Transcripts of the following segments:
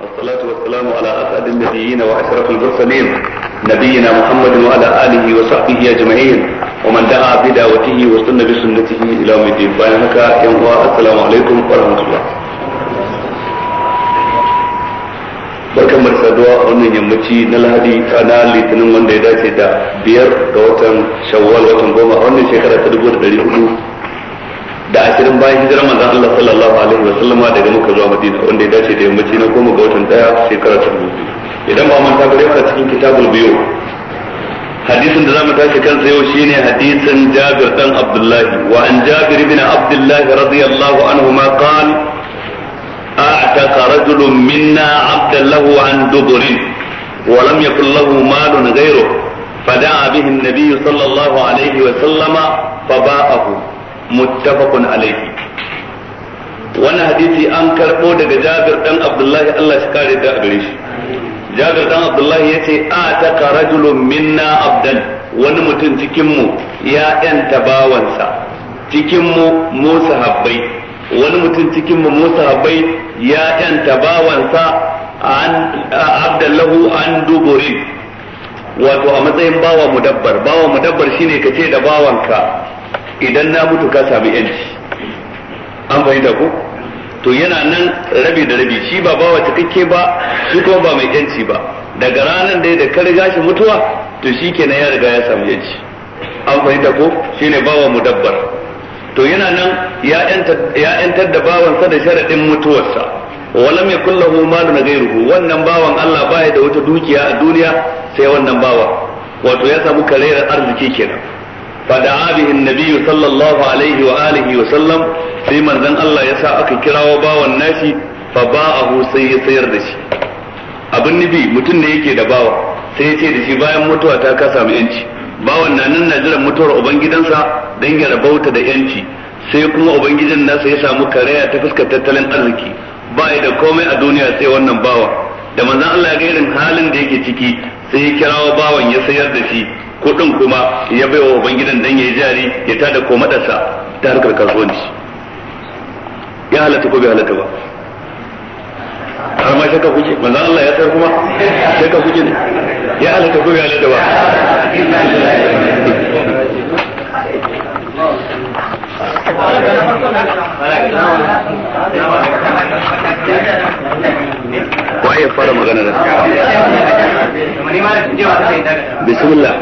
والصلاة والسلام على أسعد النبيين وأشرف المرسلين نبينا محمد وعلى آله وصحبه أجمعين ومن دعا بدعوته وسن بسنته إلى يوم الدين بينك يوم السلام عليكم ورحمة الله barkan mu saduwa a wannan yammaci na lahadi na litinin wanda ya dace da biyar ga watan shawwal watan goma a wannan shekara ta dubu da ɗari hudu da ashirin bayan hijirar manzon Allah sallallahu alaihi wa sallama daga Makka zuwa Madina wanda ya dace da yammaci na goma ga watan daya shekara ta dubu idan ba manta bare mana cikin kitabul biyu hadisin da zamu tashi kansa yau shine hadisin Jabir dan Abdullah wa an Jabir ibn Abdullah radiyallahu anhu ma qala أعتق رجل منا عبدا له عن دبر ولم يكن له مال غيره فدعا به النبي صلى الله عليه وسلم فباءه muttafaqun alaihi wannan hadisi an karbo daga Jabir dan Abdullahi Allah shi kare da gare shi Jabir dan Abdullahi yace a ta rajulun minna abdan wani mutum cikin mu ya yanta bawansa cikin mu mu sahabbai wani mutum cikin mu mu sahabbai ya yanta bawansa an abdallahu an duburi wato a matsayin bawa mudabbar bawa mudabbar shine kace da bawanka idan na mutu ka sami yanci an fahimta ko to yana nan rabi da rabi shi ba bawa cikakke ba shi kuma ba mai yanci ba daga ranar da da riga shi mutuwa to shi kenan ya riga ya samu yanci an fahimta ko ne bawa dabbar, to yana nan ya yantar da bawansa da sharaɗin mutuwarsa walam yakul na malun ghayruhu wannan bawan Allah baya da wata dukiya a duniya sai wannan bawa wato ya samu karerar arziki kenan fada'a bihi annabi sallallahu alaihi wa alihi wa sallam sai manzon Allah ya sa aka kirawo bawan nashi fa ba'ahu sai ya sayar da shi abin nufi mutum ne yake da bawa sai ya ce da shi bayan mutuwa ta ka samu yanci bawan na nan na jiran mutuwar ubangidansa dan ya rabauta da yanci sai kuma ubangijin nasa ya samu kareya ta fuskar tattalin arziki ba da komai a duniya sai wannan bawa da manzan Allah ya ga irin halin da yake ciki sai ya kirawo bawan ya sayar da shi kuɗin kuma ya baiwa ubangidan dan yayi jari ya tada ko madarsa ta harkar kasuwanci ya halatta ko bai halatta ba har ma shakka kuke manzo Allah ya tsar kuma shakka kuke ne ya halatta ko bai halatta ba Thank you. waye fara magana da ta. bismillah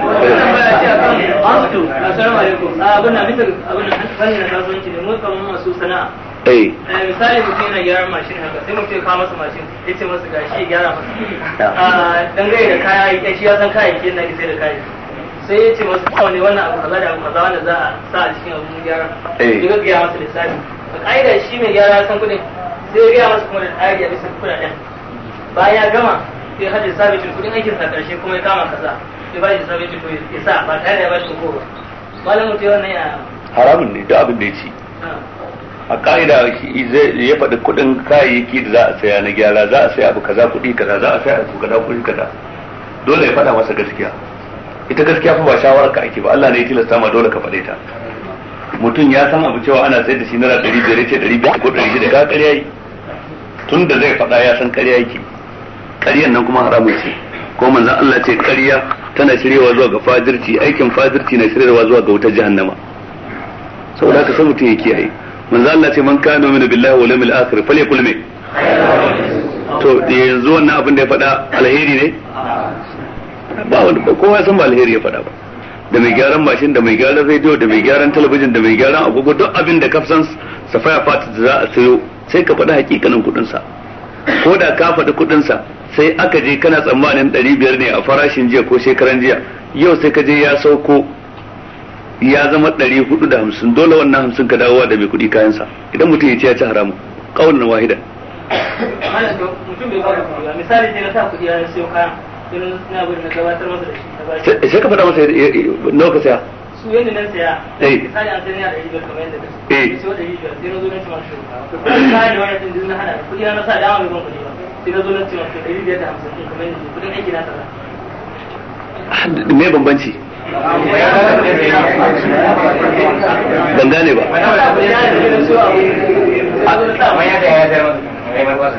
astu assalamu alaikum ah, abin da bitar abin da hankali na kasuwanci ne mu kamar masu sana'a eh. eh misali mutum yana gyara mashin haka sai mutum ya kawo masa mashin ya ce masa gashi ya gyara masa a ah, dangane da kaya shi ya san kayayyaki yana sai da kaya. sai ya ce masu kyau ne wannan abu kaza da abu kaza wanda za a sa a cikin abun gyara. Eh. Ya ga masa lissafi. A ƙa'ida shi mai gyara san kuɗin sai ya gaya masa kuma da tsari a bisa kuɗaɗen bayan ya gama sai ya hajji sabitin kuɗin aikin sa ƙarshe kuma ya kama kaza sai ba shi sabitin kuɗi ya sa ba tare da ya ba shi ko ba malamin ta wannan ya haramun ne da abin da ya ci ah. a ka'ida ya faɗi kuɗin kayayyaki da za a saya na gyara za a saya abu kaza kuɗi kaza za a saya abu kaza kuɗi kaza dole ya faɗa masa gaskiya ita gaskiya fa ba shawarar ka ake ba Allah ne ya tilasta ma dole ka faɗe ta mutum ya san abu cewa ana sayar da shi naira ɗari biyar ce ɗari biyar ko ɗari shida ka ƙarya yi tun da zai faɗa ya san ƙarya yake ƙaryan nan kuma haramun ce ko manzan Allah ce ƙarya tana shiryewa zuwa ga fajirci aikin fajirci na shiryewa zuwa ga wutar jahannama saboda haka sai mutum ya kiyaye manzan Allah ce man kana min billahi wal yawmil akhir falyakul kulme, to yanzu wannan abin da ya faɗa alheri ne ba wani kowa san ba alheri ya faɗa ba da mai gyaran mashin da mai gyaran rediyo da mai gyaran talabijin da mai gyaran agogo duk abin da kafsan safaya fata da za a sayo sai ka faɗi hakikanin kuɗinsa ko da ka faɗi kuɗinsa sai aka je kana tsammanin ɗari biyar ne a farashin jiya ko shekaran jiya yau sai ka je ya sauko ya zama ɗari hudu da hamsin dole wannan hamsin ka dawowa da mai kuɗi kayansa idan mutum ya ce ya ci haramun na wahida. misali ne na sa kuɗi ya sayo kayan irin na na gabatar masa da shi sai ka faɗa masa nawa ka saya su yadda nan saya eh. misali an sai da hijiyar kamar yadda ka eh. sai wata sai na zo kayan da wani hada na sa dama mai ban ba sai na zo na ɗari biyar da hamsin kamar yadda aiki na me bambanci ban gane ba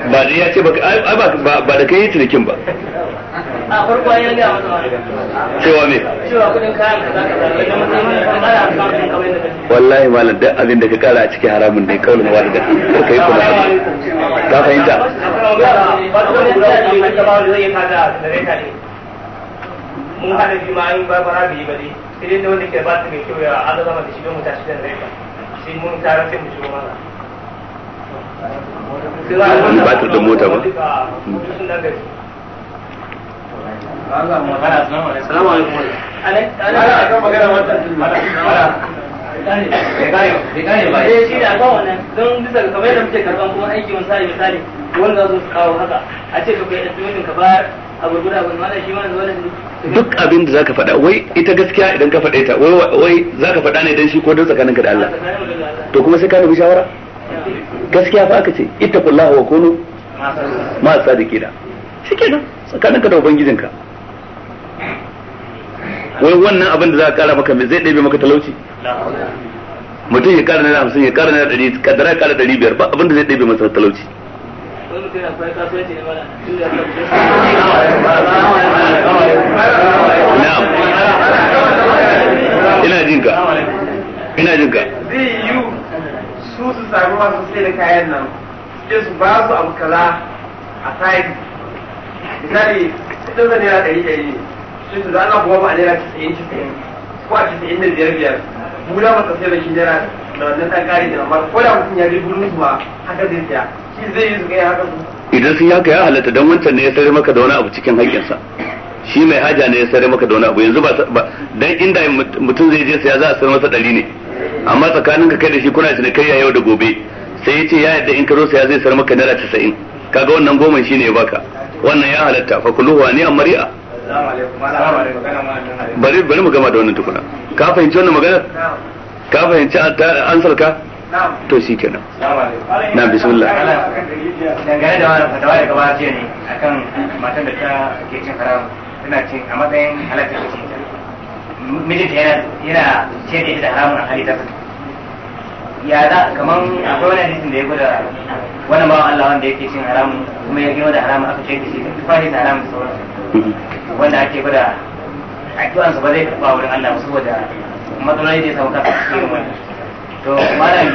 ba da ya ce ba da kai yi cinikin ba a farko ya ga cewa me cewa kudin kayan kaza kaza da mutum kan bara kan kawai da wallahi malam duk abin da ka kara a cikin haramun ne kawai ma ba kai kuma ka fahimta mun hada shi ma ba ba bi ba dai sai ba wanda ke ba su mai kyau ya azama da shi don mutashi da rai sai mun tara sai mu shigo mana ba ta da mota ba a ka a duk abin da zaka faɗa wai ita gaskiya idan ka faɗe ta wai wai zaka faɗa ne dan shi ko don tsakaninka da Allah to kuma sai ka nufi shawara gaskiya fa aka ce ittaqullaha wa kunu ma sadiqina shikenan tsakaninka da ubangijinka wai wannan abin da za ka kara maka me zai ɗebe maka talauci mutum ya kara naira hamsin ya kara naira ɗari kadara ya kara ɗari biyar ba abin da zai ɗebe masa talauci ina jin ka ina jin ka zai su su sami masu sai da kayan nan su ba su abu kaza a side misali kudin da naira ɗari ɗari ne shi su zana kuma ba a naira casa'in casa'in ko a casa'in da biyar biyar bula masa sai da shi naira da wannan ɗan ƙari da amma ko da mutum ya je gurin su haka zai siya shi zai yi su kai haka su. idan sun haka ya halatta don wancan ne ya sayar maka da wani abu cikin haƙƙinsa shi mai haja ne ya sayar maka da wani abu yanzu ba dan inda mutum zai je saya za a sayar masa ɗari ne amma tsakanin ka kai da shi kuna shi kai ya yau da gobe sai ya ce ya yadda in ka zo saya zai sayar maka naira casa'in kaga wannan goma shi ne ya baka wannan ya halatta fa kullu wa ni amri'a bari bari mu gama da wannan tukuna ka fahimci wannan magana ka fahimci an salka to shi kenan na bismillah dangane da wannan fatawa da gaba ce ne akan matan da ta ke cin haram tana ce a matsayin halatta ce mijinta yana yana ce da haramun halitta ya za kaman akwai wani hadisin da ya gwada wani bawan Allah wanda yake cin haramun kuma ya gima da haramun aka ce shi da tufafi da haramun sauransu mm-hmm. wanda ake gwada addu'ansa ba zai karɓa wurin Allah musu saboda matsaloli da ya samu kansa cikin wani to malam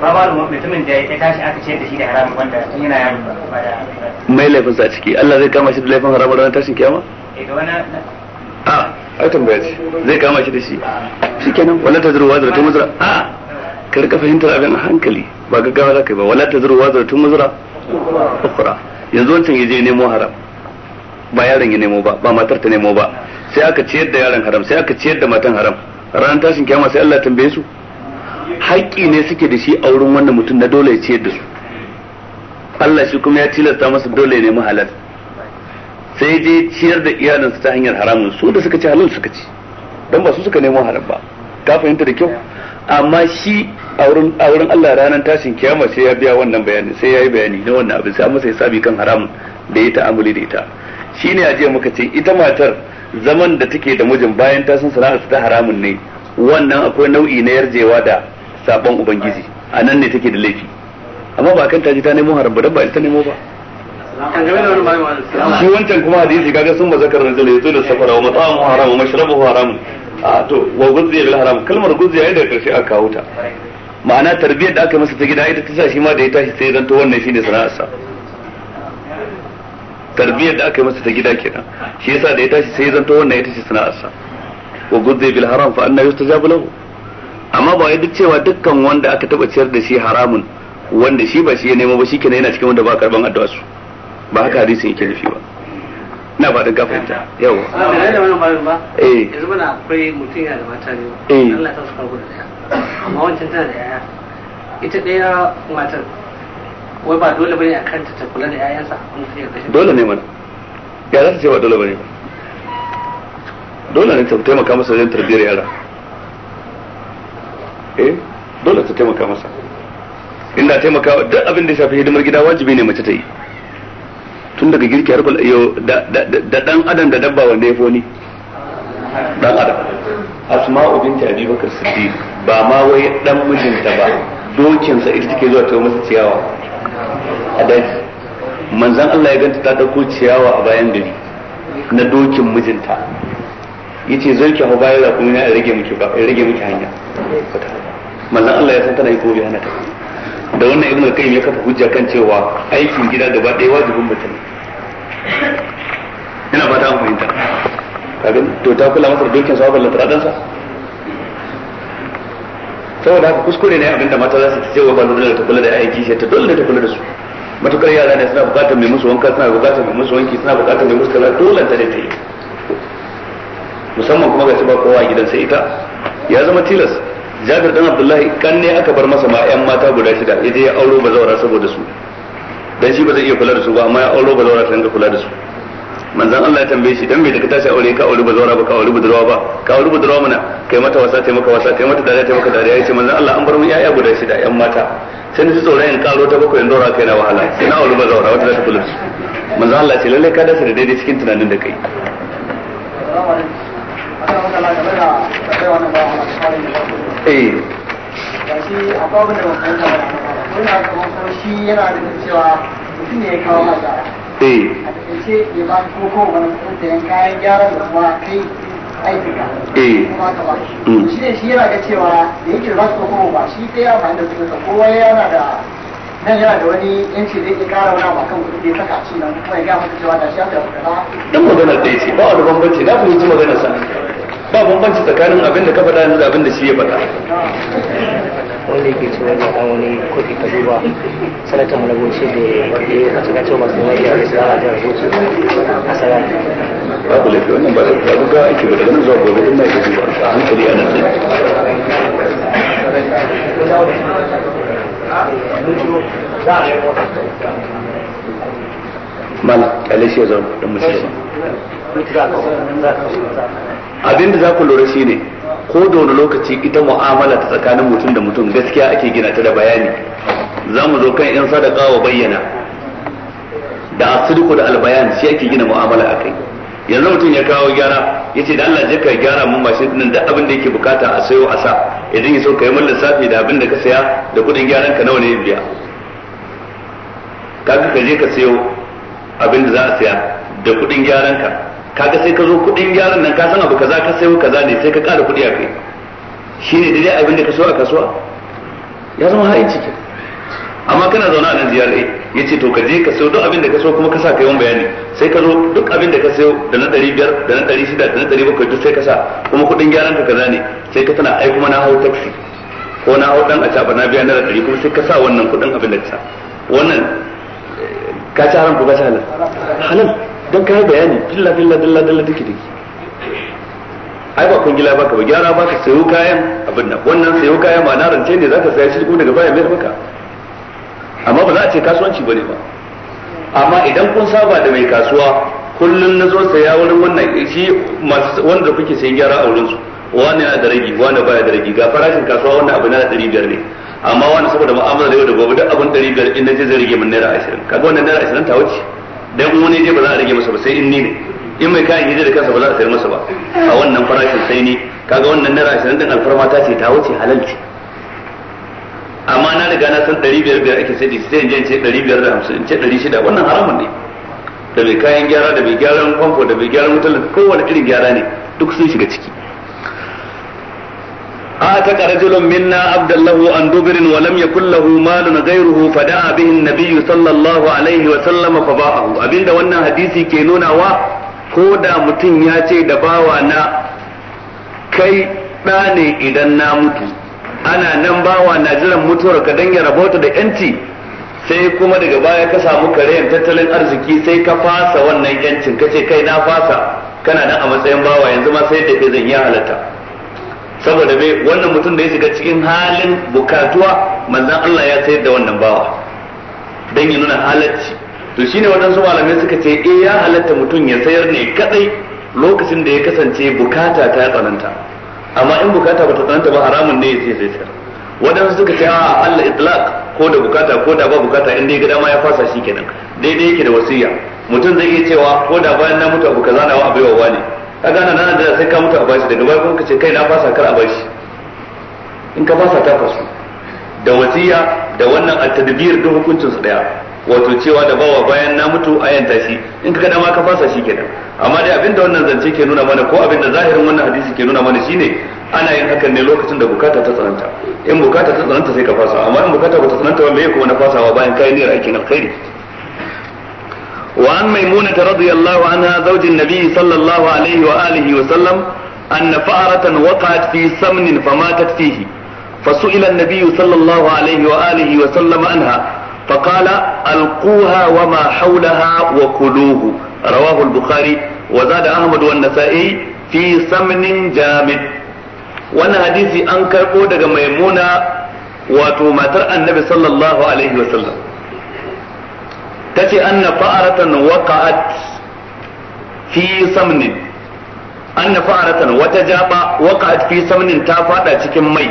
ba da mutumin da ya tashi aka ce da shi da haramun wanda tun yana yaro ba da mai laifin sa ciki Allah zai kama shi da laifin haramun ranar tashin kiyama eh wani a ah, ai tambaya ce zai kama shi da shi ah. shi kenan wala tazru wa ta tumzra a ah! ka rika fahimtar abin a hankali ba gawa za ka yi ba wala ta zurwa tun muzura ukura yanzu wancan ya je nemo haram ba yaron ya nemo ba ba matar ta nemo ba sai aka ciyar da yaron haram sai aka ciyar da matan haram ranar tashin kiyama sai Allah tambaye su haƙƙi ne suke da shi a wurin wannan mutum na dole ya ciyar da su Allah shi kuma ya tilasta masa dole ya nemi halal sai je ciyar da iyalinsa ta hanyar haramun su da suka ci halal suka ci dan ba su suka nemo haram ba ka fahimta da kyau amma shi a wurin Allah ranar tashin kiyama sai ya biya wannan bayani sai ya yi bayani na wannan abin sai an masa hisabi kan haramun da ya ta'amuli da ita shine a jiya muka ce ita matar zaman da take da mijin bayan ta san sana'ar ta haramun ne wannan akwai nau'i na yarjewa da sabon ubangiji a nan ne take da laifi amma ba kan taji ta nemo haram ba ba ta nemo ba shi wancan kuma hadisi kaga sun ba zakar zai yazo da safara wa mat'amu haram wa mashrabuhu haram a to wa guzziya bil haram kalmar guzziya da karshe aka kawo ta ma'ana tarbiyyar da aka masa ta gida ita ta sa shi ma da ya tashi sai zanto wannan shine sana'arsa tarbiyyar da aka masa ta gida kenan shi yasa da ya tashi sai zanto wannan ita ce sana'arsa wa guzziya bil haram fa annahu yustajabu lahu amma ba duk cewa dukkan wanda aka taba ciyar da shi haramun wanda shi ba shi ya nemo ba shi kenan yana cikin wanda ba karban addu'a su ba haka hadisin yake nufi ba na ba da gafarta yawa ba da da wannan babin ba eh yanzu muna akwai mutum yana da mata biyu eh. Allah ta suka gudu daya amma wancan tana da yaya ita daya matar wai ba dole bane a kanta ta kula da yayansa mutum ya kashe dole ne mana ya za ta ce ba dole bane dole ne ta taimaka masa wajen tarbiyyar yara eh dole ta taimaka masa inda taimaka duk abin da shafi hidimar gida wajibi ne mace ta yi tun daga girki har da dan adam da dabba wanda ya foni dan adam asma'u binti abi bakar siddiq ba ma wai dan mijinta ba dokin sa ita take zuwa ta masa ciyawa a daji manzon Allah ya ganta ta dauko ciyawa a bayan gari na dokin mijinta yace zai ki hau bayan kuma na rage miki ba rage miki hanya manzon Allah ya san tana yi ko bai hana ta da wannan ibnu kai ya kafa hujja kan cewa aikin gida gaba ɗaya wajibin mutum ina ba ta fahimta kaga to ta kula masa dokin sabon ballan sa saboda haka kuskure ne abinda mata za su ce wa ba lura ta kula da aiki sai ta dole ta kula da su matukar yara ne suna bukatar mai musu wanka suna bukatar mai musu wanki suna bukatar mai musu kaza dole ta ne ta yi musamman kuma ga ba kowa a sai ita ya zama tilas jabir dan abdullahi kan ne aka bar masa ma yan mata guda shida ya je ya auro saboda su dan shi ba zai iya kula da su ba amma ya aure ba zaura sai ka kula da su manzon Allah ya tambaye shi dan me da ka tashi aure ka aure ba zaura ba ka aure ba zaura ba ka aure ba zaura mana kai mata wasa kai maka wasa kai mata dariya kai maka dariya yace manzon Allah an bar mun yaya guda shida yan mata sai ni tsoro in karo ta bakwai in dora kai na wahala sai na aure ba zaura wata za ta kula da su manzon Allah ce lalle ka dace da daidai cikin tunanin da kai eh yana da shi yana da cewa mutum ne ya kawo eh. a takaice ya ba ko ko wani sayan kayan gyaran da kuma kai aikinka eh kuma ka ba shi mm. shi ne shi yana ga cewa da yake ba su ko ba shi sai ya ba da su kowa yana da nan yana da wani yanci zai kara wani abu kan kudi da ya nan kuma ya ga maka cewa da shi aka fada dan maganar da yace ba wani da na fahimci maganar sa ba banbanci tsakanin abin da ka faɗa da abin da shi ya faɗa ah. wanda yake cewa ne a wani kudi ta duba sanatan goce da ya kasa cewa masu mai da rasa a jihar goce a sarari ba ku laifi wannan ba da ga ake ba da zuwa gobe ina da duba a hankali a nan mala kalashi ya zama don musulman abinda za ku lura shi ne ko da wani lokaci ita mu'amala ta tsakanin mutum da mutum gaskiya ake gina ta da bayani za mu zo kan 'yan sadaka wa bayyana da asiriku da albayan shi ake gina mu'amala a kai yanzu mutum ya kawo gyara ya ce da Allah ya ka gyara mun mashin nan da abin da yake bukata a sayo a sa idan ya so ka yi mun lissafi da abin da ka saya da kudin gyaran ka nawa ne biya kaga ka je ka sayo abin da za a saya da kudin gyaran ka kaga sai ka zo kudin gyaran nan ka san abu kaza ka sayo kaza ne sai ka kara kudi a kai shine dai abin da ka so a kasuwa ya zama hain ciki amma kana zaune a nan ziyarar ya ce to ka je ka sayo duk abin da ka so kuma ka sa kayan bayani sai ka zo duk abin da ka sayo da na ɗari biyar da na ɗari shida da na ɗari bakwai duk sai ka sa kuma kuɗin gyaran ka kaza ne sai ka tana ai kuma na hau taxi ko na hau ɗan a na biya naira ɗari kuma sai ka sa wannan kuɗin abin da ka sa wannan ka ci haram ko ka ci halal halal don kai bayani dilla dilla dilla dilla dake dake ai ba kun gila baka ba gyara baka sayo kayan abin nan wannan sayo kayan ma na rance ne zaka saya shi kuma daga baya mai baka amma ba za a ce kasuwanci bane ba amma idan kun saba da mai kasuwa kullun na zo saya wurin wannan shi wanda kuke sayan gyara a wurin su wani na da ragi wani baya da ragi ga farashin kasuwa wannan abu na ɗari biyar ne amma wani saboda mu'amala da yau da gobe duk abin ɗari biyar in na zai rage min naira ashirin kaga wannan naira ashirin ta wuce dan in wani je ba za a rage masa ba sai in ni ne in mai kayan yaje da kansa ba za a sayar masa ba a wannan farashin sai ni kaga wannan naira 20 din alfarma ta ce ta wuce halal ce amma na riga na san 500 biyar ake sai sai in je in ce hamsin in ce 600 wannan haramun ne da mai kayan gyara da mai gyaran famfo da mai gyaran wutar kowane irin gyara ne duk sun shiga ciki آتك رجل منا عبد الله عن دبر ولم يكن له مال غيره فدعا به النبي صلى الله عليه وسلم فباعه nuna wa? Ko da mutun ya ce da bawa na kai da ne idan na mutu ana nan bawa na jiran mutuwar ka dan ya rabota da yanci sai kuma daga baya ka samu karayan tattalin arziki sai ka fasa wannan yancin kace kai na fasa kana nan a matsayin bawa yanzu ma sai da zan yi halatta saboda bai wannan mutum da ya shiga cikin halin bukatuwa manzan Allah ya sayar da wannan bawa Don ya nuna halacci to shi ne waɗansu malamai suka ce eh ya halatta mutum ya sayar ne kadai lokacin da ya kasance bukata ta tsananta amma in bukata bata tsananta ba haramun ne ya sai sai sayar waɗansu suka ce a Allah itlaq ko da bukata ko da ba bukata in dai ga ma ya fasa shi kenan daidai yake da wasiya mutum zai iya cewa ko da bayan na mutu abu kaza na wa abaiwa wani ka gana nan da sai ka mutu a bashi daga baya kuma ce kai na fasa kar a bashi in ka fasa ta fasu da wasiya da wannan altadbir duk da hukuncin su daya wato cewa da bawa bayan na mutu a yanta shi in ka ga ma ka fasa shi kenan amma dai abinda wannan zance ke nuna mana ko abinda zahirin wannan hadisi ke nuna mana shine ana yin hakan ne lokacin da bukata ta tsananta in bukata ta tsananta sai ka fasa amma in bukata ba ta tsananta ba me kuma na fasawa bayan kai niyyar aikin alkhairi وعن ميمونة رضي الله عنها زوج النبي صلى الله عليه وآله وسلم أن فأرة وقعت في سمن فماتت فيه فسئل النبي صلى الله عليه وآله وسلم عنها فقال ألقوها وما حولها وكلوه رواه البخاري وزاد أحمد والنسائي في سمن جامد وانا حديثي أنكر قودة ميمونة وتوماتر النبي صلى الله عليه وسلم tace anna fa'aratan waqa'at fi samnin anna fa'aratan wata jaba waqa'at fi samnin ta fada cikin mai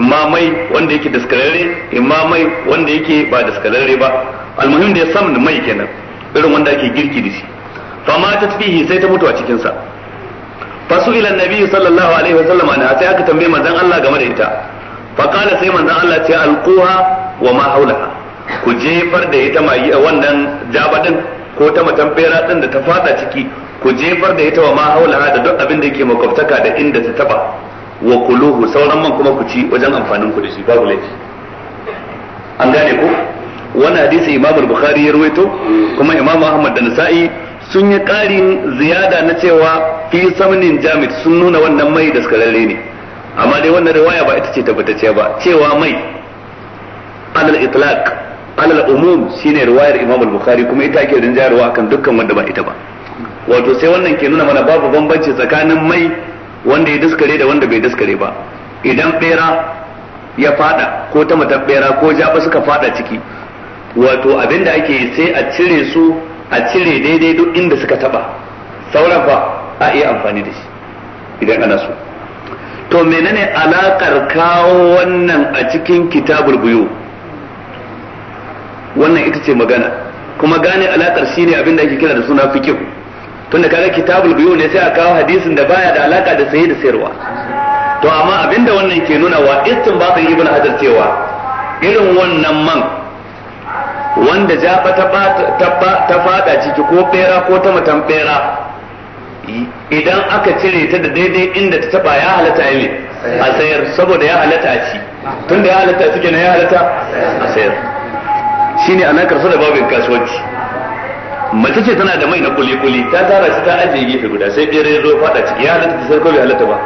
imma mai wanda yake daskararre imma mai wanda yake ba daskararre ba almuhim da ya samni mai kenan irin wanda ake girki da shi Fa ma ta tafi sai ta mutu a cikin sa fasu ila nabi sallallahu alaihi wasallam ana sai aka tambaye manzon Allah game da ita fa qala sai manzon Allah ce alquha wa ma haulaha ku jefar da ita mai wannan jabadin ko ta matan fera din da ta fada ciki ku jefar da ita wa ma haula da duk abin da yake makwabtaka da inda ta taba wa kuluhu sauran man kuma ku ci wajen amfanin ku da shi babu laifi an gane ku wannan hadisi Imam Bukhari ya ruwaito kuma Imam Ahmad da Nasa'i sun yi ƙarin ziyada na cewa fi samnin jamid sun nuna wannan mai da daskararre ne amma dai wannan riwaya ba ita ce tabbatacce ba cewa mai al itlaq alal umum shine riwayar Imam al-Bukhari kuma ita ake rinjayarwa akan dukkan wanda ba ita ba wato sai wannan ke nuna mana babu bambanci tsakanin mai wanda ya daskare da wanda bai daskare ba idan bera ya fada ko ta matan bera ko jaba suka fada ciki wato abinda ake yi sai a cire su a cire daidai duk inda suka taba sauran fa a iya amfani da shi idan ana so to menene alakar kawo wannan a cikin kitabul buyu wannan ita ce magana kuma gane alakar shine abin da ake kira da suna fikihu tunda kaga kitabul biyu ne sai a kawo hadisin da baya da alaka da sayi da sayarwa to amma abinda wannan ke nuna wa sai ibn hajar cewa irin wannan man wanda jaba ta fada ciki ko bera ko ta matan bera idan aka cire ta da daidai inda ta taba ya halata ne a sayar saboda ya halata ci tunda ya halata a ne ya halata a sayar shine alakar sa da babin kasuwanci mace ce tana da mai na kuli-kuli ta tara shi ta ajiye gefe guda sai bere ya zo fada ciki ya halatta ta ko bai halatta ba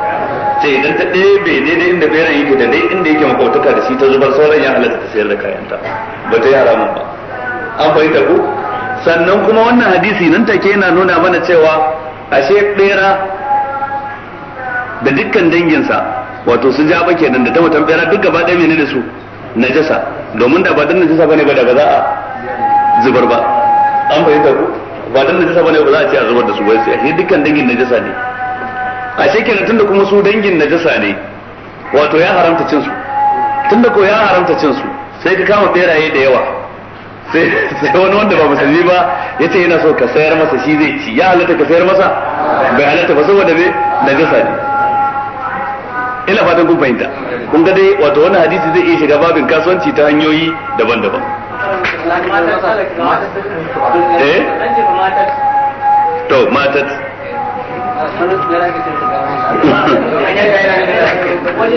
sai idan ta ɗebe daidai inda beren yake da dai inda yake makautaka da shi ta zubar sauran ya halatta ta sayar da kayanta ba ta yi haramun ba an fahimta ku? sannan kuma wannan hadisi nan take yana nuna mana cewa ashe bera da dukkan danginsa wato su ja ba kenan da ta mutan bera duk gaba ɗaya menene da su najasa domin da ba dan najasa bane ba da ba za a zubar ba an fahimta ku ba dan najasa bane ba za a ce a zubar da su ba sai ashe dukkan dangin najasa ne a kenan tunda kuma su dangin najasa ne wato ya haramta cin su tunda ko ya haramta cin su sai ka kama beraye da yawa sai wani wanda ba musulmi ba ya ce yana so ka sayar masa shi zai ci ya halatta ka sayar masa bai halatta ba saboda me najasa ne ina fatan kun fahimta kun ga dai wato wannan hadisi zai iya shiga babin kasuwanci ta hanyoyi daban-daban eh to matat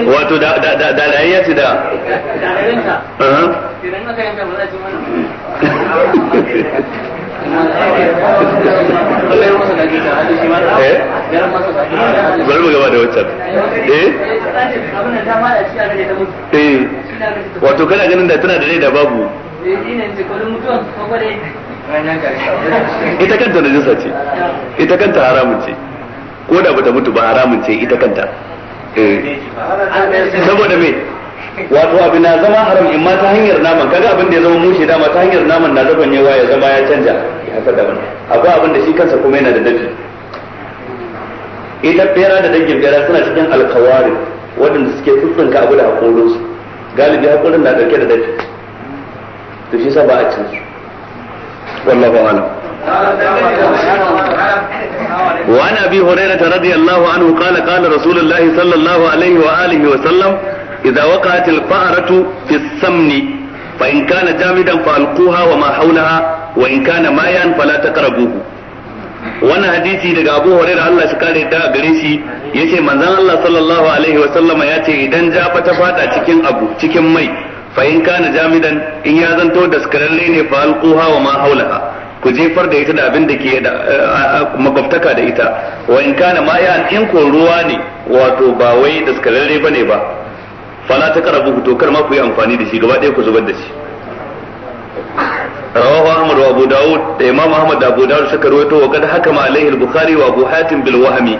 wato da da da da rayuwa ce da da uh-huh. bari mu gaba da wancan eh eh wato kana ganin da tana da rai da babu ita kanta najisa ce ita kanta haramun ce ko da bata mutu ba haramun ce ita kanta eh. saboda me wato abu na zama haram in ma ta hanyar naman kaga abin da ya zama mushe dama ta hanyar naman na zaban yawa ya zama ya canja ya haka daban akwai abin da shi kansa kuma yana da dafi ita bera da dangin bera suna cikin alkawarin waɗanda suke tsuntsunka abu da hakorinsu galibi hakorin na ɗauke da dafi to shi sa ba a cin su wallahu a'lam وعن ابي هريره رضي الله عنه قال قال رسول الله صلى الله عليه واله وسلم idza waqa'at al-fa'ratu fi samni fa in kana jamidan fa wa ma hawlaha wa in kana mayan fala hadisi daga Abu Hurairah Allah shi kare da gare shi yace manzon Allah sallallahu alaihi wa sallama yace idan jafa ta fada cikin mai fa in kana jamidan in ya zanto daskararre ne fa wa ma hawlaha ku jefar da ita da abin da ke da makwabtaka da ita wa in kana mayan ne wato ba wai daskararre bane ba fala ta karabu to kar ma ku yi amfani da shi gaba ɗaya ku zubar da shi rawahu ahmad wa abu daud da imam ahmad da abu daud suka rawaito wa kad hakama alaihi al-bukhari wa abu hatim bil wahmi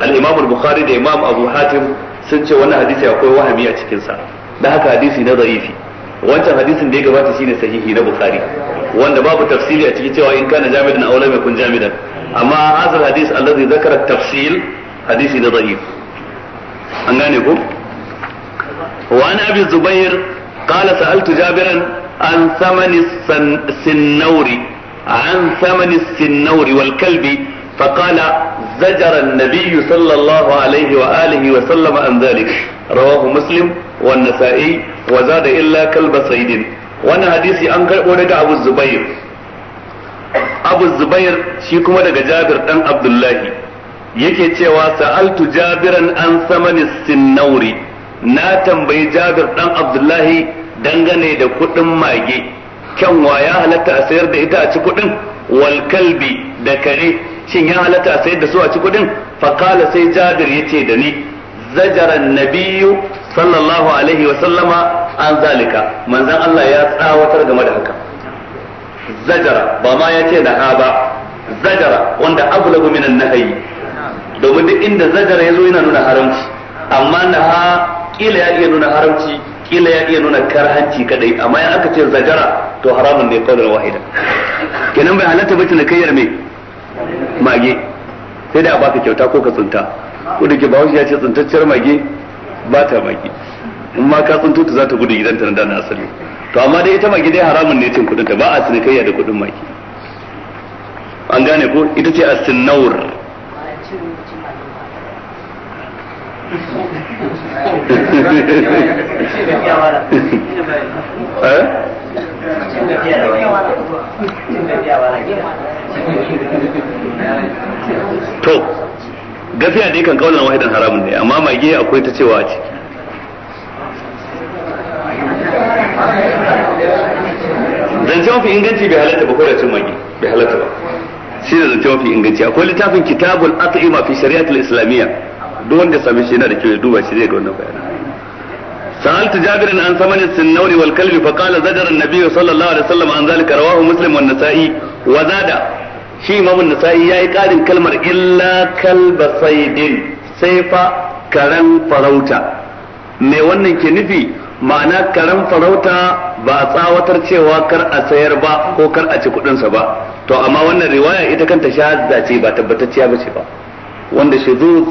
al-imam al-bukhari da imam abu hatim sun ce wannan hadisi akwai wahmi a cikin sa dan haka hadisi na da'ifi wancan hadisin da ya gabata shine sahihi na bukhari wanda babu tafsiri a cikin cewa in kana jamidan aw lam yakun jamidan. amma hadal hadis alladhi dhakara at-tafsil hadisi na da'if an gane ku? وعن أبي الزبير قال سألت جابرا عن ثمن السنور عن ثمن السنور والكلب فقال زجر النبي صلى الله عليه وآله وسلم عن ذلك رواه مسلم والنسائي وزاد إلا كلب صيد وانا حديثي أنكر ودقى أبو الزبير أبو الزبير شيكما دقى جابر أن عبد الله yake cewa sa'altu jabiran an samani sinnauri na tambayi jabir dan abdullahi dangane da kudin mage wa ya halatta a sayar da ita a ci kudin wal kalbi da kare shin ya halatta a sayar da su a ci kudin faqala sai jabir yace da ni zajara nabiyyu sallallahu alaihi wa sallama an zalika manzon Allah ya tsawatar game da haka zajara ba ma yace da ha ba zajara wanda ablagu minan nahyi domin duk inda zajara yazo yana nuna haramci amma na ha. kila ya iya nuna haramci kila ya iya nuna karhanci kadai amma in aka ce zajara to haramun ne kawai da wahida kenan bai halatta ba cinikayyar me mage sai da a baka kyauta ko ka tsunta ko da ke ba ya ce tsuntacciyar mage ba ta mage in ma ka tsunto ta za ta gudu gidanta na dana asali to amma dai ita mage dai haramun ne cin kudin ta ba a cinikayya da kudin mage an gane ko ita ce as-sinnawr to gafiya dai kan kaunar wahidan haramun ne amma mage akwai ta cewa ce zance mafi inganci bai halatta ba kowace mage bai halatta ba shi da zance mafi inganci akwai littafin kitabul at'ima fi shari'atul islamiyya duk wanda same shi yana da kyau ya duba shi zai ga wannan bayanin سألت جابر عن ثمن السنون والكلب فقال زجر النبي صلى الله عليه وسلم عن ذلك رواه مسلم والنسائي وزاد shi imamun nasa'i ya yi ƙarin kalmar illa kalba saidin sai fa karen farauta me wannan ke nufi ma'ana karen farauta ba a tsawatar cewa kar a sayar ba ko kar a ci kuɗinsa ba to amma wannan riwaya ita kanta shahadda ce ba tabbatacciya ba ce ba wanda shuzuz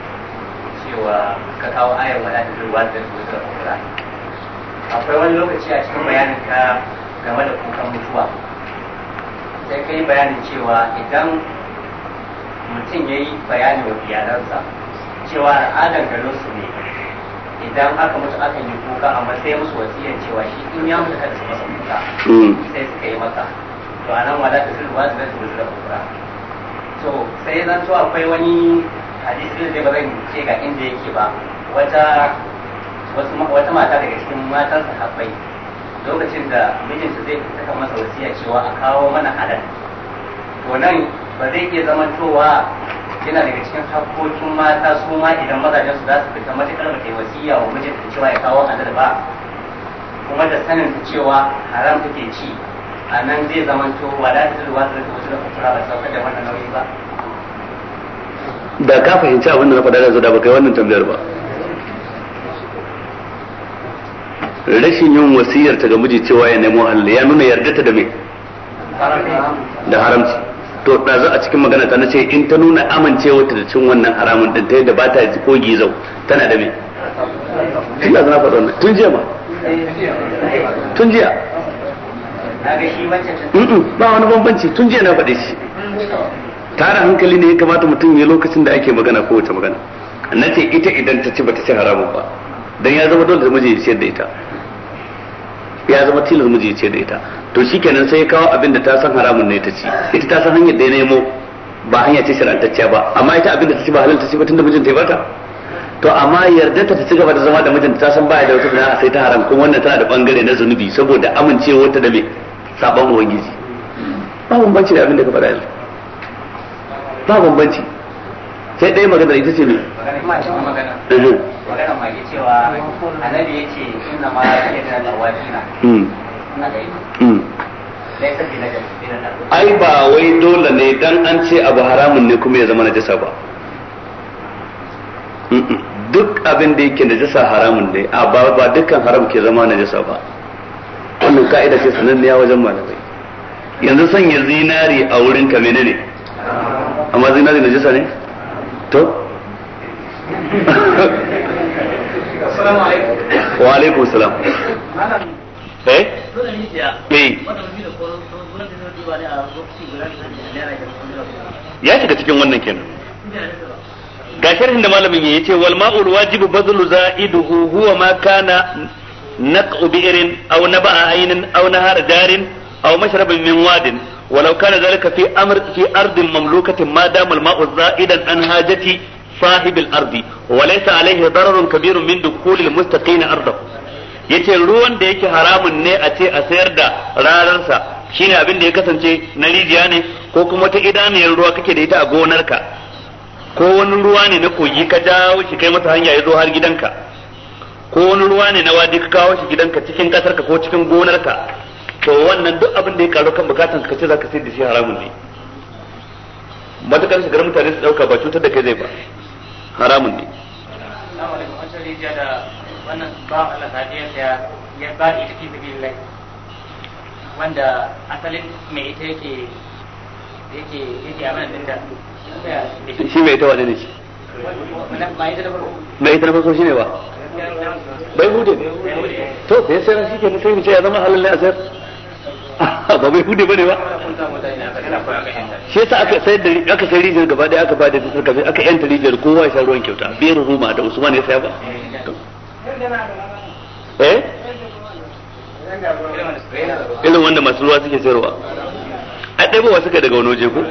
cewa ka kawo ayar wala da ruwa da su kura akwai wani lokaci a cikin bayanin ka game da kukan mutuwa sai ka yi bayanin cewa idan mutum ya yi bayani wa biyararsa cewa al'adar garin su ne idan aka mutu aka yi kuka amma sai musu wasiyar cewa shi in ya mutu kada su masa kuka hmm. sai suka yi maka to anan wala da ruwa da su da kura to sai zan to akwai wani hadisi da ba zan ce ga inda yake ba wata mata daga cikin matan sahabbai lokacin da mijinsa zai saka masa wasiya cewa a kawo mana halal to nan ba zai iya zama cewa yana daga cikin hakkokin mata su ma idan mazajen su za su fita matuƙar ba wasiya wa da cewa ya kawo halal ba kuma da sanin su cewa haram take ci a nan zai zama to da ta zuwa da wasu da kuma ba sauka da wannan nauyi ba da ka fahimci abin da na faɗa yanzu da ba kai wannan tambayar ba rashin yin wasiyar ta ga miji cewa ya nemo halal ya nuna yarda ta da me da haramci to ɗazu a cikin magana ta nace in ta nuna amincewa ta da cin wannan haramun din ta yadda ba ta ko gizau tana da me tun da na faɗa wannan tun jiya ma tun jiya ba wani bambanci tun jiya na faɗe shi tara hankali ne ya kamata mutum ya lokacin da ake magana ko wace magana na ce ita idan ta ci bata ci haramun ba dan ya zama dole miji ya ciyar da ita ya zama tilas miji ya ciyar da ita to shikenan sai ya kawo abin da ta san haramun ne ta ci ita ta san hanyar da ya nemo ba hanya ce shirantacciya ba amma ita abin da ta ci ba halal ta ci ba tunda mijinta ya bata to amma yarda ta ci gaba da zama da mijinta ta san baya da wata a sai ta haram kuma wannan tana da bangare na zunubi saboda amincewa ta da me saban ubangiji ba bambanci da abin da ka faɗa yanzu ba bambanci sai ɗaya magana ita ce hmm. hmm. ai ba wai dole ne dan an ce abu haramun ne kuma ya zama ba duk abin da yake najasa haramun ne a ba ba dukkan haram ke zama najasa ba wannan ka'ida ce sananniya wajen malamai yanzu sanya zinari a wurin ka ne. amma zinari na jisa ne to wa alaikum salam eh? ya shiga cikin wannan kenan ga sharhin da malamin ya ce wal ma'ul wajibu bazlu za'iduhu huwa ma kana naqu bi'rin aw naba'a aynin aw nahar darin aw mashrabin min wadin ولو كان ذلك في أمر في أرض مملوكة ما دام الماء زائدا عن حاجة صاحب الأرض وليس عليه ضرر كبير من دخول المستقين أرضه yace ruwan da yake haramun ne a ce a sayar da rararsa shine abin da ya kasance na rijiya ne ko kuma ta idaniyar ruwa kake da ita a gonarka ko wani ruwa ne na kogi ka jawo shi kai masa hanya ya zo har gidanka ko wani ruwa ne na wadi ka kawo shi gidanka cikin kasarka ko cikin gonarka to wannan duk abin da ya karu kan bukatan ka ce za ka sayar da shi haramun ne matakar shigar mutane su dauka ba cutar da kai zai ba haramun ne wanda asalin mai ita yake yake yake abin da shi mai ita wane ne shi mai ita na farko shi ne ba bai hudu to sai sai shi ke nufin ce ya zama halin ne a sayar ba bai hude bane ba shi sa aka sayar da aka sayar rijiyar gaba daya aka bada da kafi aka yanta rijiyar kowa ya sha ruwan kyauta biyar ruma da usman ya saya ba eh irin wanda masu ruwa suke sayarwa a ɗaibowa suka daga wani waje ko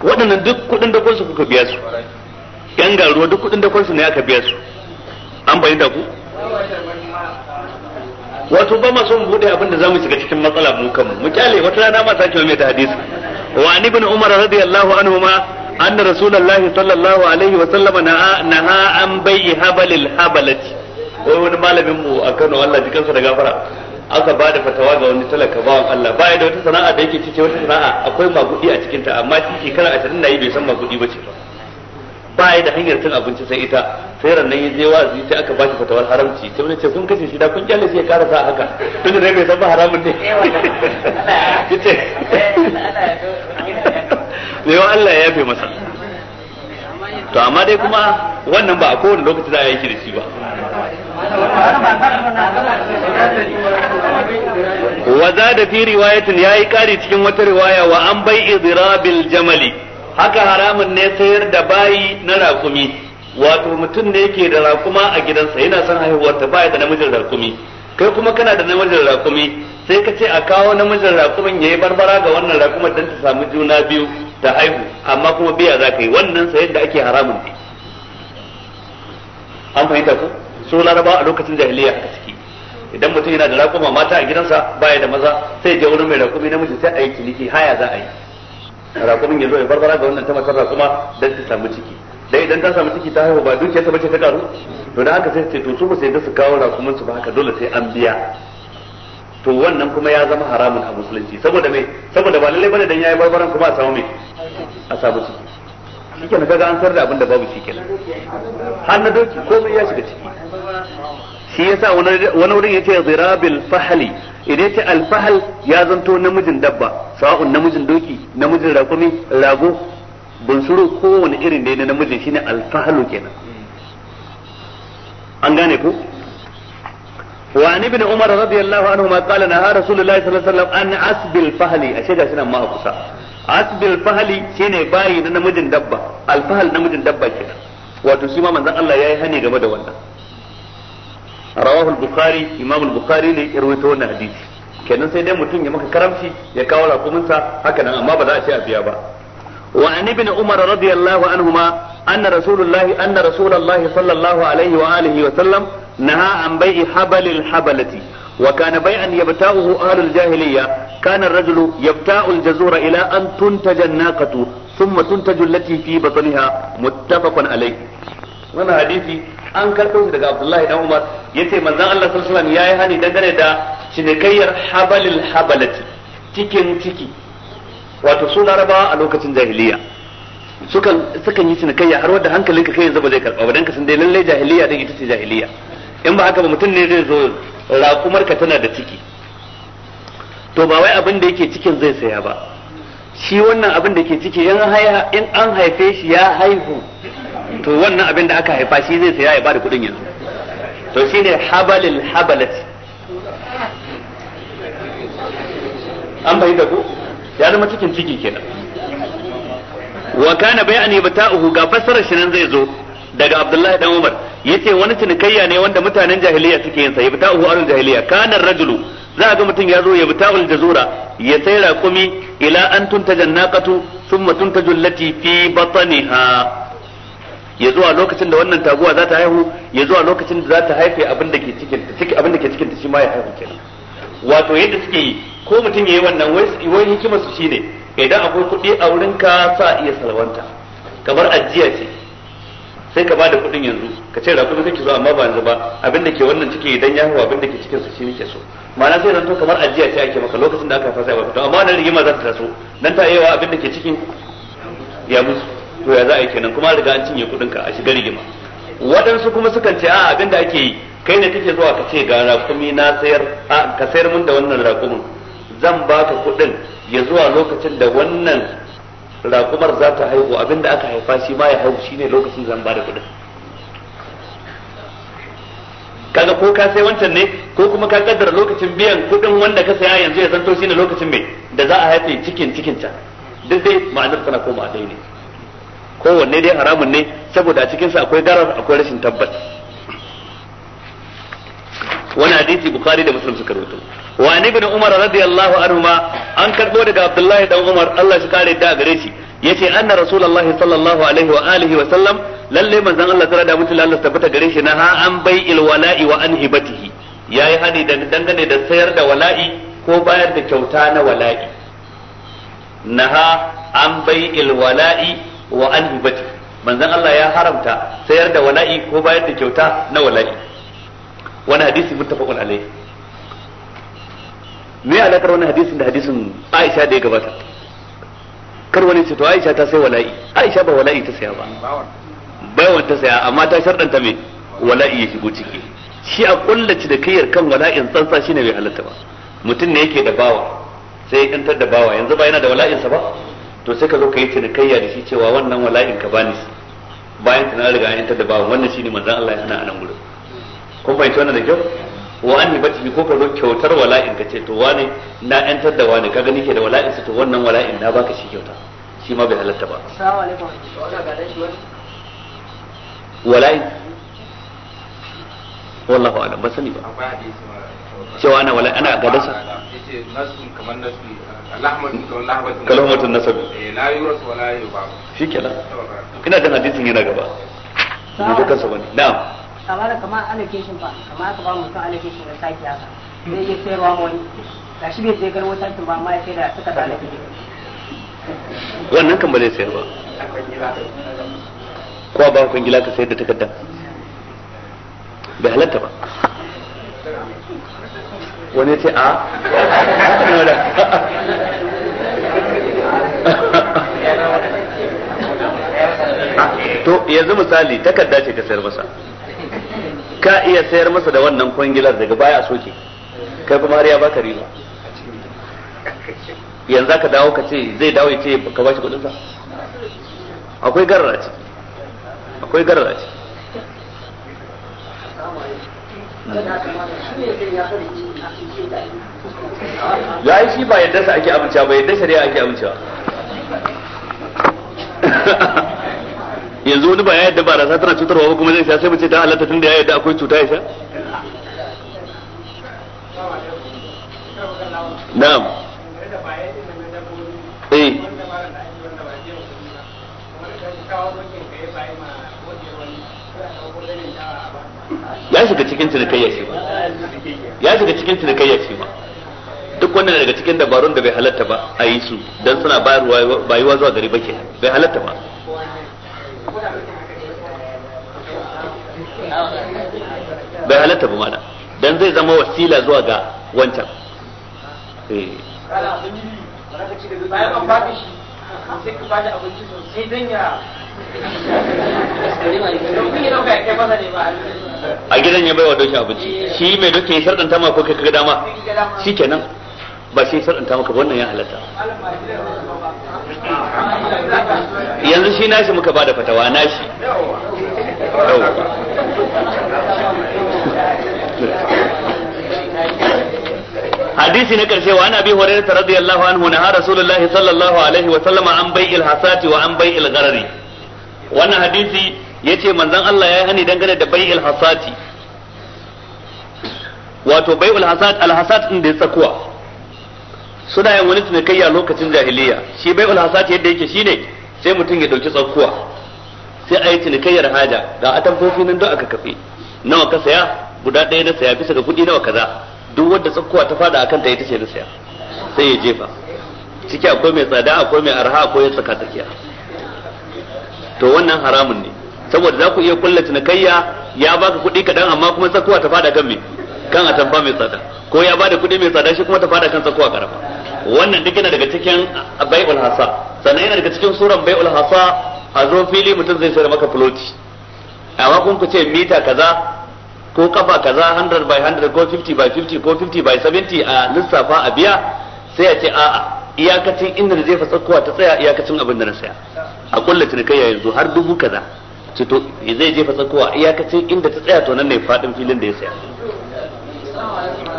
waɗannan duk kuɗin dakon su kuka biya su yan garuwa duk kuɗin dakon su ne aka biya su an bayyana ku wato ba ma son bude abin da zamu shiga cikin matsala mu kan mu kyale wata rana ma sake mai ta hadisi wa an ibn umar radiyallahu ma anna rasulullahi sallallahu alaihi wa sallam naha an bai'i habalil habalati wai wani malamin mu a Kano Allah jikan sa da gafara aka ba da fatawa ga wani talaka bawan Allah baya da wata sana'a da yake cike wata sana'a akwai magudi a cikin ta amma shekara 20 na yi bai san magudi ba ce ba ya da hanyar cin abinci sai ita sai ran nan yaje wazi sai aka bashi fatawar haramci sai wani ce kun kace shi da kun kyale sai ya karasa haka tun da bai san ba haramun ne eh, yace ne wa Allah ya yafe masa to amma dai kuma wannan ba a kowane lokaci za a yi da shi ba wa zada fi riwayatin yayi kari cikin wata riwaya wa an bai idrabil jamali haka haramun ne sayar da bayi na rakumi wato mutum ne yake da rakuma a gidansa yana son haihuwar ta baya da namijin rakumi kai kuma kana da namijin rakumi sai ka ce a kawo namijin rakumin yayi barbara ga wannan rakumar dan ta samu juna biyu ta haihu amma kuma biya za ka yi wannan sayar da ake haramun ne an fahimta ko su laraba a lokacin jahiliya haka ciki idan mutum yana da rakuma mata a gidansa baya da maza sai je wurin mai rakumi namiji sai a yi ciniki haya za a yi rakumin ya zo ya barbara ga wannan ta matar kuma dan ta samu ciki dai idan ta samu ciki ta haihu ba dukiyar ta bace ta karu to dan aka sai ce to su ba sai da su kawo rakumin su ba haka dole sai an biya to wannan kuma ya zama haramun a musulunci saboda me saboda ba lalle bane dan yayi barbaran kuma a samu me a samu ciki shikenan kaga an sarda abinda babu shikenan har na doki komai ya shiga ciki shi yasa wani wurin yace zirabil fahli idan yace alfahal ya zanto namijin dabba sawa'un namijin doki namijin rakumi rago bunsuru kowane irin da na namijin shine alfahalu kenan an gane ko wa ni عمر umar الله عنهما قال نهى رسول الله صلى الله عليه وسلم an asbil الفهل اشي gashi nan ma kusa shine bayi namijin dabba alfahal namijin dabba kenan wato shi ma manzon Allah yayi hani game da wannan rawahu al-bukhari imam bukhari ne ya rawaito wannan hadisi kenan sai dai mutum ya maka karamci ya kawo sa haka nan amma ba za a ce a biya ba wa an ibn umar radiyallahu anhuma anna rasulullahi anna rasulullahi sallallahu alaihi wa alihi wa sallam naha an bai'i habalil habalati wa kana bai'an yabta'uhu ahlul jahiliyya kana ar-rajulu yabta'u al-jazura ila an tuntaja an-naqatu thumma tuntaju allati fi batniha muttafaqun alayh wannan hadisi an karɓo shi daga Abdullahi dan Umar yace manzon Allah sallallahu alaihi wasallam yayi hani dangane da cinikayyar habalil habalati cikin ciki wato su Larabawa a lokacin jahiliya sukan sukan yi cinikayya har wanda hankalinka kai yanzu ba zai karba ba dan ka san dai lalle jahiliya dan ita ce jahiliya in ba haka ba mutum ne zai zo raƙumarka tana da ciki to ba wai abin da yake cikin zai saya ba shi wannan abin da ke ciki in an haife shi ya haihu to wannan abin da aka haifa shi zai saya ya bada kudin yanzu to shi ne habalil habalat an bai da ku ya zama cikin ciki kenan wa kana bai'an yabta'uhu ga fassarar shi nan zai zo daga Abdullahi dan Umar yace wani cinikayya ne wanda mutanen jahiliya suke yin sa yabta'uhu arul jahiliya kana rajulu za ga mutum ya zo yabta'ul jazura ya sai raƙumi ila an tuntaja naqatu thumma tuntaju allati fi batniha ya zuwa lokacin da wannan taguwa za ta haihu ya zuwa lokacin da za ta haife abin da ke cikin ta cikin abin da ke cikin ta shi ma ya haihu kenan wato yadda suke yi ko mutum yayi wannan wai wai hikimar su shine idan akwai kuɗi a wurin ka sa iya salwanta kamar ajiya ce sai ka bada kuɗin yanzu ka ce rakumi kake so amma ba yanzu ba abin da ke wannan ciki idan ya haihu abin da ke cikin su shi nake so ma'ana sai zanto kamar ajiya ce ake maka lokacin da aka fasa ya ba amma wannan rigima za ta taso nan ta yi wa abin da ke cikin ya musu to ya za a yi kenan kuma riga an cinye kudin ka a shiga rigima waɗansu kuma sukan ce a abin da ake yi kai ne kake zuwa ka ce ga rakumi na sayar a ka sayar mun da wannan raƙumin zan baka kuɗin ya zuwa lokacin da wannan raƙumar za ta haihu abinda aka haifa shi ma ya haihu shine lokacin zan ba da kuɗin kaga ko ka sai wancan ne ko kuma ka kaddara lokacin biyan kudin wanda ka saya yanzu ya zanto shine lokacin mai da za a haife cikin cikin ta duk dai ma'anar tana koma dai ne kowanne dai haramun ne saboda a cikinsa akwai garar akwai rashin tabbas wani hadisi bukhari da muslim suka rawaito wa an ibn umar radiyallahu anhuma an karbo daga abdullahi dan umar Allah shi kare da gare shi yace anna rasulullahi sallallahu alaihi wa alihi wa sallam lalle manzon Allah tara da mutum Allah tabbata gare shi na ha an bai'il wala'i wa an hibatihi yayi hani da dangane da sayar da wala'i ko bayar da kyauta na wala'i naha an bai'il wala'i wa an hibati manzon Allah ya haramta sayar da wala'i ko bayar da kyauta na wala'i wani hadisi muttafaqun alaihi me alakar wani hadisin da hadisin Aisha da ya gabata kar wani ce to Aisha ta sai wala'i Aisha ba wala'i ta saya ba Bayan ta saya amma ta shardanta me wala'i ya shigo ciki shi a kullace da kayyar kan wala'in tsantsa shine bai halatta ba mutum ne yake da bawa sai ya kantar da bawa yanzu ba yana da wala'insa ba to sai ka zo ka yi cinikayya da shi cewa wannan wala'in ka bani shi bayan na riga an da bawan wannan shine manzon Allah ya hana a nan gurin kun fahimci wannan da kyau wa anni bati ko ka zo kyautar wala'in ka ce to wane na yantar da wane ka gani ke da wala'in sa to wannan wala'in na baka shi kyauta shi ma bai halatta ba assalamu alaikum wala'in wallahu a'lam ba sani ba cewa ana wala'in ana gadansa yace nasu kamar nasu kalmatun nasab nan ina jan hadisin yana gaba bai zo kansa bane na'am amma da kamar allocation ba kama ka ba mutum allocation da saki haka zai iya sayarwa ma wani shi bai sai garwa sakin ba amma ya sai da suka da allocation wannan kan ba zai sayar ba ko ba kun gila ka sayar da takardar bai halatta ba wani ce a ah. to yanzu misali takarda ce ka sayar masa ka iya sayar masa da wannan kwangilar daga baya a soke kai kuma har ya baka riba yanzu ka dawo ka ce zai dawo ya ce ka bashi sa akwai garra ce akwai garra ce ya yi shi ba yadda sa ake amincewa ba yadda shari'a ake amincewa yanzu wani ba ya yadda ba rasa tana cutarwa ba kuma zai sha sai mace ta halatta tunda ya yadda akwai cuta ya sha na'am eh ya shiga cikin cinikayya ce ma ya shiga cikin cinikayya ce ma duk wannan daga cikin dabarun da bai halatta ba a yi su don suna bayuwa zuwa gari bake bai halatta ba bai halatta ba mana dan zai zama wasila zuwa ga wancan eh. sai ya a gidan ya baiwa dokin abinci shi mai dokin ya sharɗanta ma ko kai kaga dama shi shikenan ba shi sharɗanta maka wannan ya halatta yanzu shi nashi muka ba bada fatawa nashi hadisi na karshe wa ana bi ta radiyallahu anhu na rasulullahi sallallahu alaihi wa sallama an bai'il hasati wa an bai'il gharari wannan hadisi yace manzan Allah ya yi hani dangane da bai hasati wato bai hasat al hasat din da ya tsakuwa suna yin wani cinikayya lokacin jahiliya shi bai hasat yadda yake shine sai mutum ya dauki tsakuwa sai a yi cinikayyar haja ga atamfofi nan da aka kafe nawa ka saya guda ɗaya na saya bisa ga kuɗi nawa kaza duk wanda tsakuwa ta fada akan ta ita ce na saya sai ya jefa ciki akwai mai tsada akwai mai arha akwai tsaka tsakiya to wannan haramun ne saboda za ku iya kulla cinikayya ya baka kuɗi kaɗan amma kuma tsakuwa ta fada kan me kan atamfa mai tsada ko ya bada kuɗi mai tsada shi kuma ta fada kan tsakuwa karama wannan duk yana daga cikin bai'ul hasa sannan yana daga cikin suran bai'ul hasa a zo fili mutum zai sayar maka floti amma kun ku ce mita kaza ko kafa kaza 100 by 100 ko 50 by 50 ko 50 by 70 a lissafa a biya sai a ce a'a iyakacin inda da zai fa tsakuwa ta tsaya iyakacin abin da na saya a ne kai yanzu har dubu kaza ce to zai jefa tsakowa iyakacin inda ta tsaya to nan ne fadin filin da ya tsaya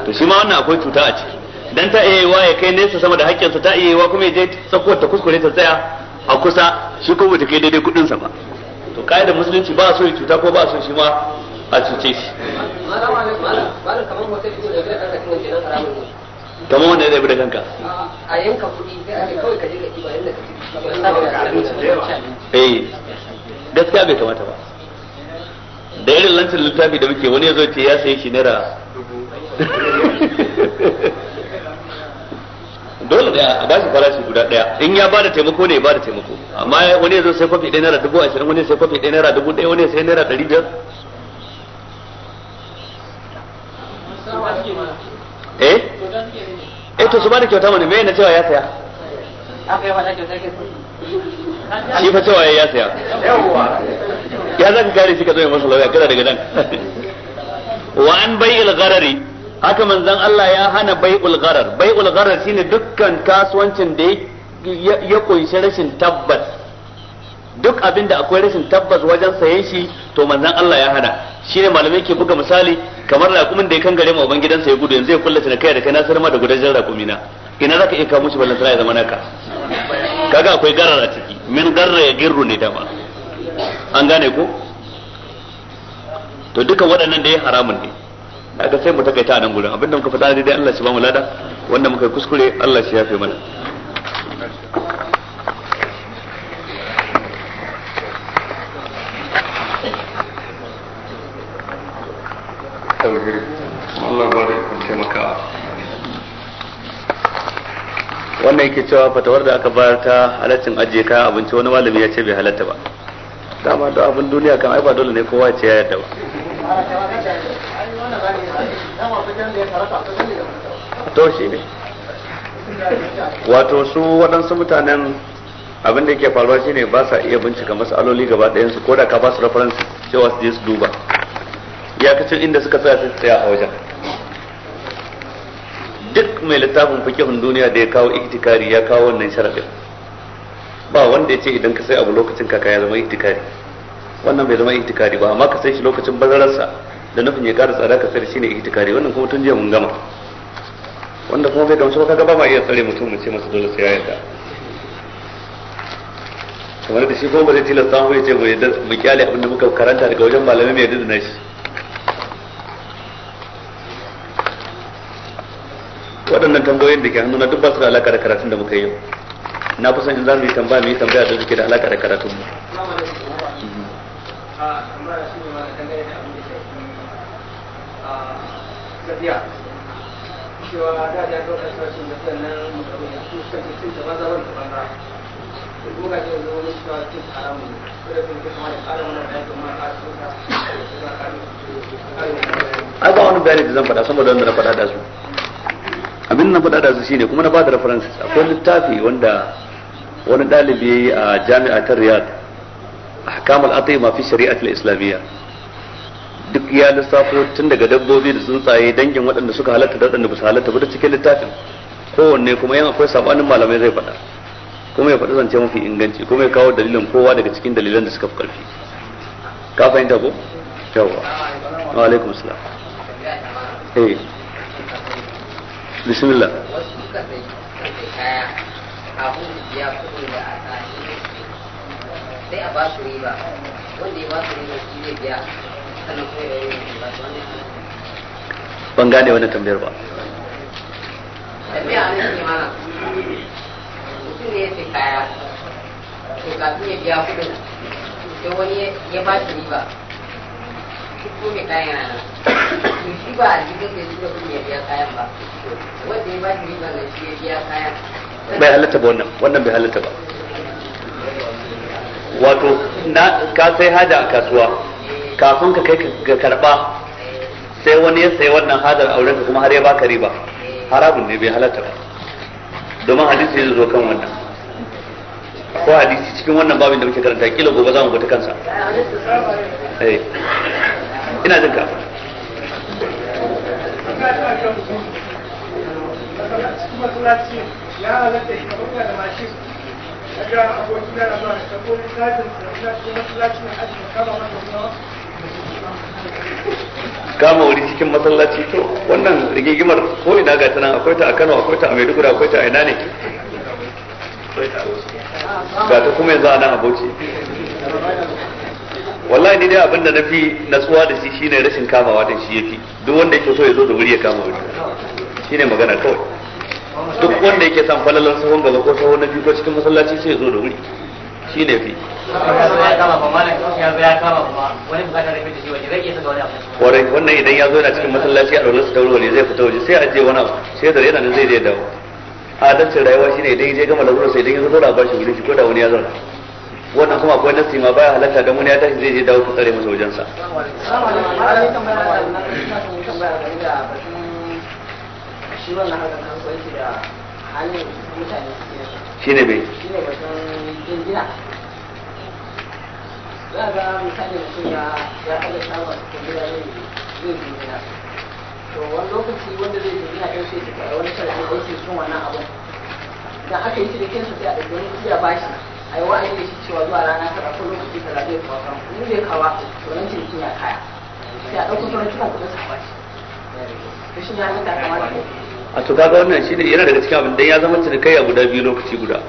to shi ma wannan akwai cuta a ciki dan ta iya yiwa ya kai nesa sama da hakkinsa ta iya yiwa kuma ya je tsakowar ta kuskure ta tsaya a kusa shi ko bata kai daidai kudin sa ba to kai da musulunci ba so ya cuta ko ba so shi ma a cuce shi kamar wanda ya zai da kanka a yanka kuɗi sai a kawai ka je ka ba yanda ka ci gaskiya bai kamata ba da irin lantin littafi da muke wani ya zo ce ya sayi shi naira dole da a bashi farashi guda daya in ya bada taimako ne ya bada taimako amma wani ya zo sai kwafi ɗaya naira dubu ashirin wani sai kwafi ɗaya naira dubu ɗaya wani sai naira ɗari biyar eh eh to su bada kyauta mana me na cewa ya saya shi fa cewa ya saya ya zan kare shi ka zo masa lauya kada daga nan wa an bai'il gharari haka manzon Allah ya hana bai'ul gharar bai'ul gharar shine dukkan kasuwancin da ya kunshi rashin tabbas duk abin da akwai rashin tabbas wajen sayen shi to manzon Allah ya hana shine malamai ke buga misali kamar raƙumin da ya mu ma gidansa ya gudu yanzu ya kullace na kai da kai na sarma da gudajen raƙumina ina zaka iya kawo mushi ballan sai ya zama naka kaga akwai garar a ciki min garra ya girru ne dama an gane ko to duka waɗannan da ya haramun ne daga sai mu takaita nan gurin abinda muka faɗa dai Allah shi ba mu lada wanda muka kuskure Allah shi yafe mana wannan yake cewa fatawar da aka bayar ta halaccin ajiye kayan abinci wani malami ya ce bai halatta ba dama da abin duniya kan ai ba dole ne kowa ya ce ya yarda ba to shi ne wato su waɗansu mutanen abin da ke faruwa shine ba sa iya bincika masaloli gaba ɗayan su ko da ka ba su reference cewa su je su duba iyakacin inda suka tsaya su tsaya a wajen mai littafin fikihun duniya da ya kawo iktikari ya kawo wannan sharadin ba wanda ya ce idan ka sai abu lokacin kaka ya zama iktikari wannan bai zama iktikari ba amma ka sai shi lokacin bazararsa da nufin ya ƙara tsada ka sai shi ne iktikari wannan kuma tun jiya mun gama wanda kuma bai gamsu kaga ba ma iya tsare mutum mu ce masa dole sai ya yarda kamar da shi kuma ba zai tilasta mu ya ce mu kyale abin da muka karanta daga wajen malamai mai yadda da nashi waɗannan tambayoyin da ke hannuna duk ba su da alaƙa da karatun da muka yi na fi son in za mu yi tambaya mu yi tambaya da suke da alaƙa da karatun mu a ga su wani da zan fada saboda wanda na fada da su abin na faɗa da su shine kuma na bada reference akwai littafi wanda wani ɗalibi ya yi a jami'a ta riyad ahkam al-atai fi shari'at al-islamiyya duk ya lissafo tun daga dabbobi da tsuntsaye dangin waɗanda suka halatta da waɗanda ba su halatta ba da cikin littafin kowanne kuma yan akwai sabanin malamai zai faɗa kuma ya faɗi zance mafi inganci kuma ya kawo dalilin kowa daga cikin dalilan da suka fi ƙarfi ka fahimta ko yawwa wa alaikum salam eh bismillah sai a ya ban gane tambayar ba ya biya wani ya ba shi riba duk mai kayan yana nan shi ba a jikin da shi kuma ya biya kayan ba wanda ya ba shi riba ga shi ya biya kayan bai halatta ba wannan wannan bai halatta ba wato na ka sai hada a kasuwa kafin ka kai ka karba sai wani ya sai wannan hajar auren ka kuma har ya baka riba haramun ne bai halatta ba domin hadisi ya zo kan wannan ko hadisi cikin wannan babin da muke karanta kila gobe za mu ta kansa eh ina jin ka kama wuri cikin masallaci to wannan rigigimar ko ina ga tana akwai ta a Kano akwai ta a Maiduguri akwai ta a ina ne ga ta kuma yanzu nan aboci wallahi ni dai abin da nafi natsuwa da shi shine rashin kamawa da shi yake duk wanda yake so ya zo da wuri ya kama wuri shine magana kawai duk wanda yake san falalan sahun gaba ko sahun na ko cikin masallaci sai ya zo da wuri shine fi kwarai wannan idan ya zo yana cikin masallaci a rolar su ta wani zai fita waje sai a je wani abu sai da yana nan zai je dawo adalcin rayuwa shine idan ya je gama lalurar sai idan ya zo da bashi wuri shi ko da wani ya zauna wannan kuma akwai nasi ma baya halatta da mun ya tashi zai je dawo ku tsare masa wajen sa shine bai za ga misali mutum ya ya kada zai to wani lokaci wanda zai sai ta wani sarki wannan abu? Da aka yi da sa sai a ɗauki wani kuɗi a bashi a yi wa'ayi da shi cewa zuwa rana ta ɗauko lokaci ta zaɓe ta wasan kuma zai kawa to nan cinikin ya kaya sai a ɗauko sauran cikin kuɗin sa kwaci to shi ne hannun da kamar a to kaga wannan shine yana daga cikin abin da ya zama cinikayya guda biyu lokaci guda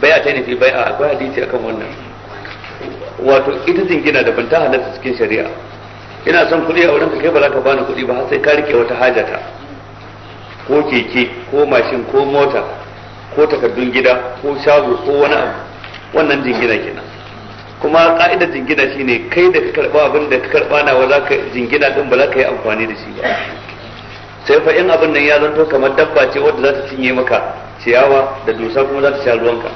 bai'a ta nufi bai'a akwai hadisi akan wannan wato ita jingina da ban ta halatta cikin shari'a ina son kuɗi a wurin ka kai ba za ka bani kuɗi ba har sai ka rike wata hajata ko keke ko mashin ko mota ko takardun gida ko shago ko wani abu wannan jingina kenan kuma ka'idar jingina ne kai da ka karba abin da ka karba nawa za ka jingina din ba za ka yi amfani da shi ba sai fa in abin nan ya zanto kamar dabba ce wadda za ta cinye maka ciyawa da dusa kuma za ta sha ruwanka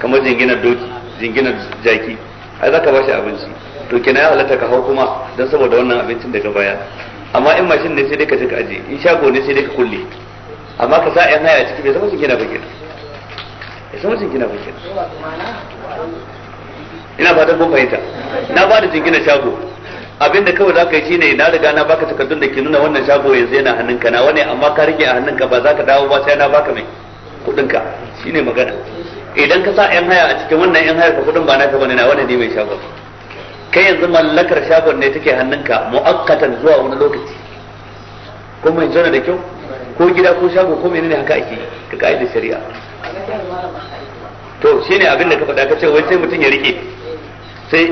kamar jinginar doki jinginar jaki ai za ka ba shi abinci to kina ya halatta ka hau kuma don saboda wannan abincin daga baya amma in mashin ne sai dai ka je ka aje in shago ne sai dai ka kulle amma ka sa yan haya ciki bai zama jingina ba kenan ba kenan ina fatan kun fahimta na ba da jingina shago abinda kawai za ka yi shine na riga na baka takardun da ke nuna wannan shago yanzu yana hannunka na wani amma ka rike a hannunka ba za ka dawo ba sai na baka mai kudinka shine magana idan ka sa yan haya a cikin wannan yan hayar ka kudin ba naka bane na wani ne mai shagon kai yanzu mallakar shagon ne take hannunka mu'akkatan zuwa wani lokaci ko mai jona da kyau ko gida ko shago ko menene haka ake ka ka'idar shari'a to ne abin da ka faɗa ka ce wai sai mutum ya rike sai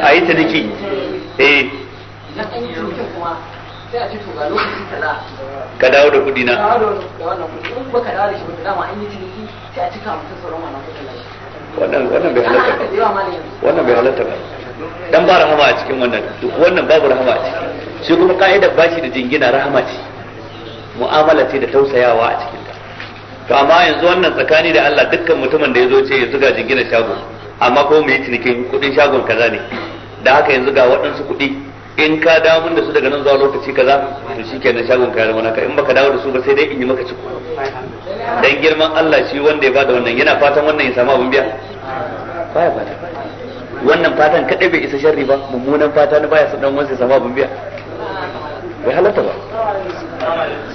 a yi ta niki eh ka dawo da kudi na wannan wannan bai halatta ba wannan bai halatta ba dan ba rahama a cikin wannan wannan babu rahama a ciki shi kuma ka'idar bashi da jingina rahama ce mu'amala ce da tausayawa a cikin to amma yanzu wannan tsakani da Allah dukkan mutumin da ya zo ce ya zuga jingina shago amma ko mu yi cinikin shagon kaza ne da haka yanzu ga waɗansu kuɗi in ka dawo da su daga nan zuwa lokaci kaza to shi kenan shagon ka zama naka in baka dawo da su ba sai dai in yi maka ciko dan girman Allah shi wanda ya bada wannan yana fatan wannan ya samu abin biya baya fata wannan fatan kadai bai isa sharri ba mummunan fata na baya son dan wansa ya samu abin biya bai halatta ba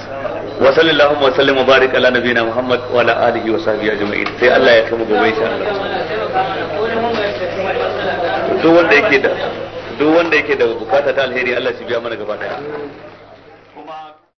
wa sallallahu wa sallam mubarak ala nabiyina muhammad wa ala alihi wa sahbihi ajma'in sai Allah ya kama gobe insha Allah duk wanda yake da duk wanda yake da bukata ta alheri Allah shi biya mana gaba daya